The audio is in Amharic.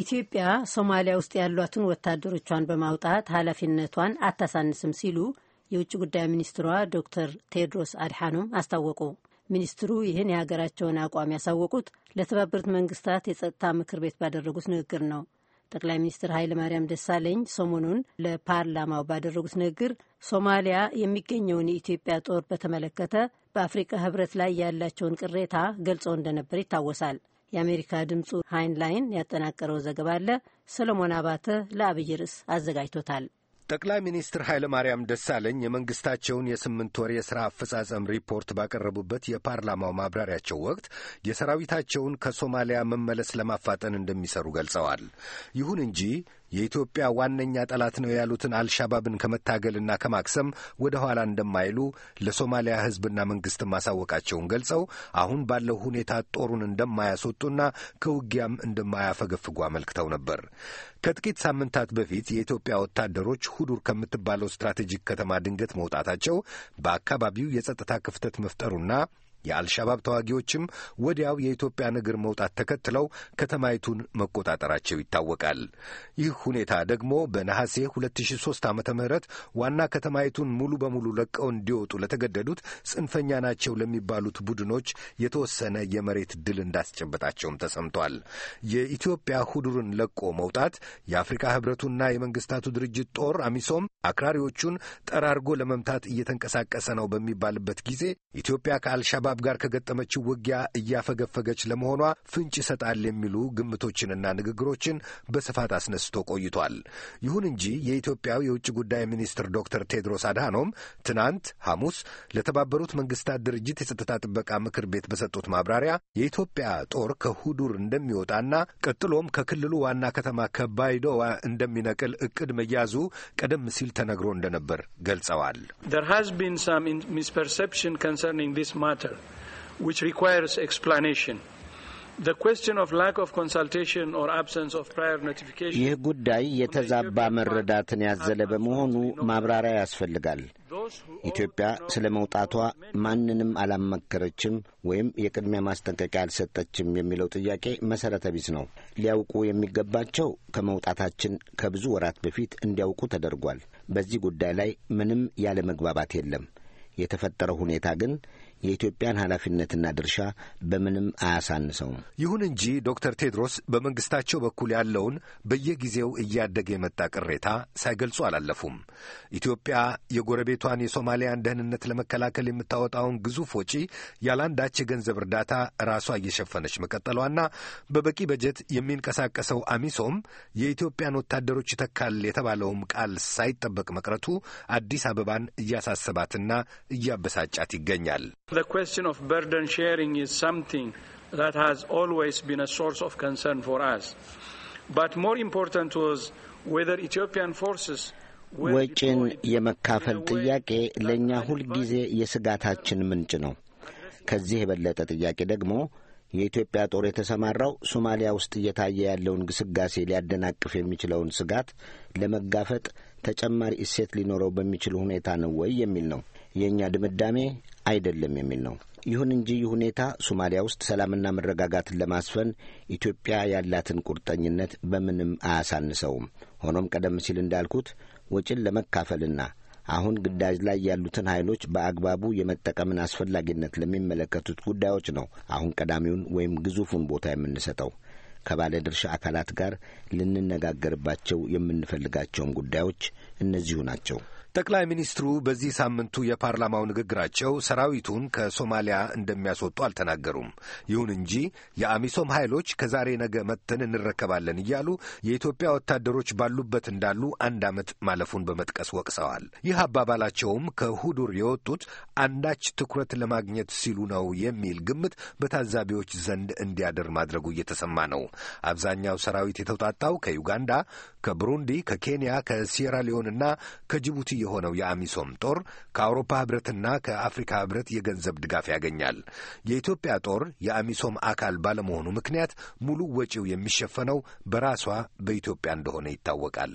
ኢትዮጵያ ሶማሊያ ውስጥ ያሏትን ወታደሮቿን በማውጣት ኃላፊነቷን አታሳንስም ሲሉ የውጭ ጉዳይ ሚኒስትሯ ዶክተር ቴድሮስ አድሓኖም አስታወቁ። ሚኒስትሩ ይህን የሀገራቸውን አቋም ያሳወቁት ለተባበሩት መንግስታት የጸጥታ ምክር ቤት ባደረጉት ንግግር ነው። ጠቅላይ ሚኒስትር ኃይለ ማርያም ደሳለኝ ሰሞኑን ለፓርላማው ባደረጉት ንግግር ሶማሊያ የሚገኘውን የኢትዮጵያ ጦር በተመለከተ በአፍሪካ ህብረት ላይ ያላቸውን ቅሬታ ገልጸው እንደነበር ይታወሳል። የአሜሪካ ድምፁ ሃይን ላይን ያጠናቀረው ዘገባ አለ። ሰለሞን አባተ ለአብይ ርዕስ አዘጋጅቶታል። ጠቅላይ ሚኒስትር ኃይለ ማርያም ደሳለኝ የመንግስታቸውን የስምንት ወር የሥራ አፈጻጸም ሪፖርት ባቀረቡበት የፓርላማው ማብራሪያቸው ወቅት የሰራዊታቸውን ከሶማሊያ መመለስ ለማፋጠን እንደሚሰሩ ገልጸዋል። ይሁን እንጂ የኢትዮጵያ ዋነኛ ጠላት ነው ያሉትን አልሻባብን ከመታገልና ከማክሰም ወደ ኋላ እንደማይሉ ለሶማሊያ ሕዝብና መንግስት ማሳወቃቸውን ገልጸው አሁን ባለው ሁኔታ ጦሩን እንደማያስወጡና ከውጊያም እንደማያፈገፍጉ አመልክተው ነበር። ከጥቂት ሳምንታት በፊት የኢትዮጵያ ወታደሮች ሁዱር ከምትባለው ስትራቴጂክ ከተማ ድንገት መውጣታቸው በአካባቢው የጸጥታ ክፍተት መፍጠሩና የአልሻባብ ተዋጊዎችም ወዲያው የኢትዮጵያን እግር መውጣት ተከትለው ከተማይቱን መቆጣጠራቸው ይታወቃል። ይህ ሁኔታ ደግሞ በነሐሴ 2003 ዓ ም ዋና ከተማይቱን ሙሉ በሙሉ ለቀው እንዲወጡ ለተገደዱት ጽንፈኛ ናቸው ለሚባሉት ቡድኖች የተወሰነ የመሬት ድል እንዳስጨበጣቸውም ተሰምቷል። የኢትዮጵያ ሁዱርን ለቆ መውጣት የአፍሪካ ህብረቱና የመንግስታቱ ድርጅት ጦር አሚሶም አክራሪዎቹን ጠራርጎ ለመምታት እየተንቀሳቀሰ ነው በሚባልበት ጊዜ ኢትዮጵያ ከአልሻባብ ከአልሸባብ ጋር ከገጠመችው ውጊያ እያፈገፈገች ለመሆኗ ፍንጭ ይሰጣል የሚሉ ግምቶችንና ንግግሮችን በስፋት አስነስቶ ቆይቷል። ይሁን እንጂ የኢትዮጵያው የውጭ ጉዳይ ሚኒስትር ዶክተር ቴድሮስ አድሃኖም ትናንት ሐሙስ ለተባበሩት መንግስታት ድርጅት የጸጥታ ጥበቃ ምክር ቤት በሰጡት ማብራሪያ የኢትዮጵያ ጦር ከሁዱር እንደሚወጣና ቀጥሎም ከክልሉ ዋና ከተማ ከባይዶዋ እንደሚነቅል እቅድ መያዙ ቀደም ሲል ተነግሮ እንደነበር ገልጸዋል። There has been some misperception concerning this matter. which requires explanation. ይህ ጉዳይ የተዛባ መረዳትን ያዘለ በመሆኑ ማብራሪያ ያስፈልጋል። ኢትዮጵያ ስለ መውጣቷ ማንንም አላማከረችም ወይም የቅድሚያ ማስጠንቀቂያ አልሰጠችም የሚለው ጥያቄ መሰረተ ቢስ ነው። ሊያውቁ የሚገባቸው ከመውጣታችን ከብዙ ወራት በፊት እንዲያውቁ ተደርጓል። በዚህ ጉዳይ ላይ ምንም ያለ መግባባት የለም። የተፈጠረው ሁኔታ ግን የኢትዮጵያን ኃላፊነትና ድርሻ በምንም አያሳንሰውም። ይሁን እንጂ ዶክተር ቴድሮስ በመንግስታቸው በኩል ያለውን በየጊዜው እያደገ የመጣ ቅሬታ ሳይገልጹ አላለፉም። ኢትዮጵያ የጎረቤቷን የሶማሊያን ደህንነት ለመከላከል የምታወጣውን ግዙፍ ወጪ ያላንዳች የገንዘብ እርዳታ ራሷ እየሸፈነች መቀጠሏና በበቂ በጀት የሚንቀሳቀሰው አሚሶም የኢትዮጵያን ወታደሮች ይተካል የተባለውም ቃል ሳይጠበቅ መቅረቱ አዲስ አበባን እያሳሰባትና እያበሳጫት ይገኛል። The question of burden sharing is something that has always been a source of concern for us. But more important was whether Ethiopian forces ወጪን የመካፈል ጥያቄ ለእኛ ሁልጊዜ የስጋታችን ምንጭ ነው። ከዚህ የበለጠ ጥያቄ ደግሞ የኢትዮጵያ ጦር የተሰማራው ሶማሊያ ውስጥ እየታየ ያለውን ግስጋሴ ሊያደናቅፍ የሚችለውን ስጋት ለመጋፈጥ ተጨማሪ እሴት ሊኖረው በሚችል ሁኔታ ነው ወይ የሚል ነው። የእኛ ድምዳሜ አይደለም የሚል ነው። ይሁን እንጂ ይህ ሁኔታ ሶማሊያ ውስጥ ሰላምና መረጋጋትን ለማስፈን ኢትዮጵያ ያላትን ቁርጠኝነት በምንም አያሳንሰውም። ሆኖም ቀደም ሲል እንዳልኩት ወጪን ለመካፈልና አሁን ግዳጅ ላይ ያሉትን ኃይሎች በአግባቡ የመጠቀምን አስፈላጊነት ለሚመለከቱት ጉዳዮች ነው አሁን ቀዳሚውን ወይም ግዙፉን ቦታ የምንሰጠው። ከባለ ድርሻ አካላት ጋር ልንነጋገርባቸው የምንፈልጋቸውም ጉዳዮች እነዚሁ ናቸው። ጠቅላይ ሚኒስትሩ በዚህ ሳምንቱ የፓርላማው ንግግራቸው ሰራዊቱን ከሶማሊያ እንደሚያስወጡ አልተናገሩም። ይሁን እንጂ የአሚሶም ኃይሎች ከዛሬ ነገ መጥተን እንረከባለን እያሉ የኢትዮጵያ ወታደሮች ባሉበት እንዳሉ አንድ ዓመት ማለፉን በመጥቀስ ወቅሰዋል። ይህ አባባላቸውም ከሁዱር የወጡት አንዳች ትኩረት ለማግኘት ሲሉ ነው የሚል ግምት በታዛቢዎች ዘንድ እንዲያደር ማድረጉ እየተሰማ ነው። አብዛኛው ሰራዊት የተውጣጣው ከዩጋንዳ፣ ከቡሩንዲ፣ ከኬንያ፣ ከሲየራሊዮንና ከጅቡቲ የሆነው የአሚሶም ጦር ከአውሮፓ ህብረትና ከአፍሪካ ህብረት የገንዘብ ድጋፍ ያገኛል። የኢትዮጵያ ጦር የአሚሶም አካል ባለመሆኑ ምክንያት ሙሉ ወጪው የሚሸፈነው በራሷ በኢትዮጵያ እንደሆነ ይታወቃል።